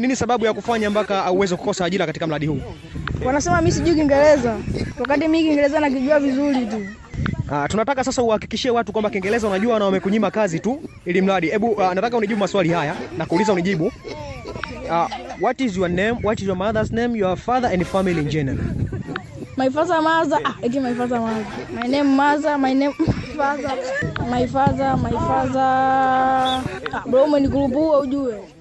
Nini sababu ya kufanya mpaka uweze kukosa ajira katika mradi huu? Wanasema mimi sijui Kiingereza, wakati mimi Kiingereza nakijua vizuri tu. Ah, tunataka sasa uhakikishie watu kwamba Kiingereza unajua na wamekunyima kazi tu ili mradi. Hebu ah, nataka unijibu maswali haya na kuuliza unijibu. Ah, what is your name? What is your mother's name? Your father and family in general. My father mother. Ah, again my father mother. My name mother, my name father. My father, my father. Ah, bro, mwenye umenikurupuka ujue.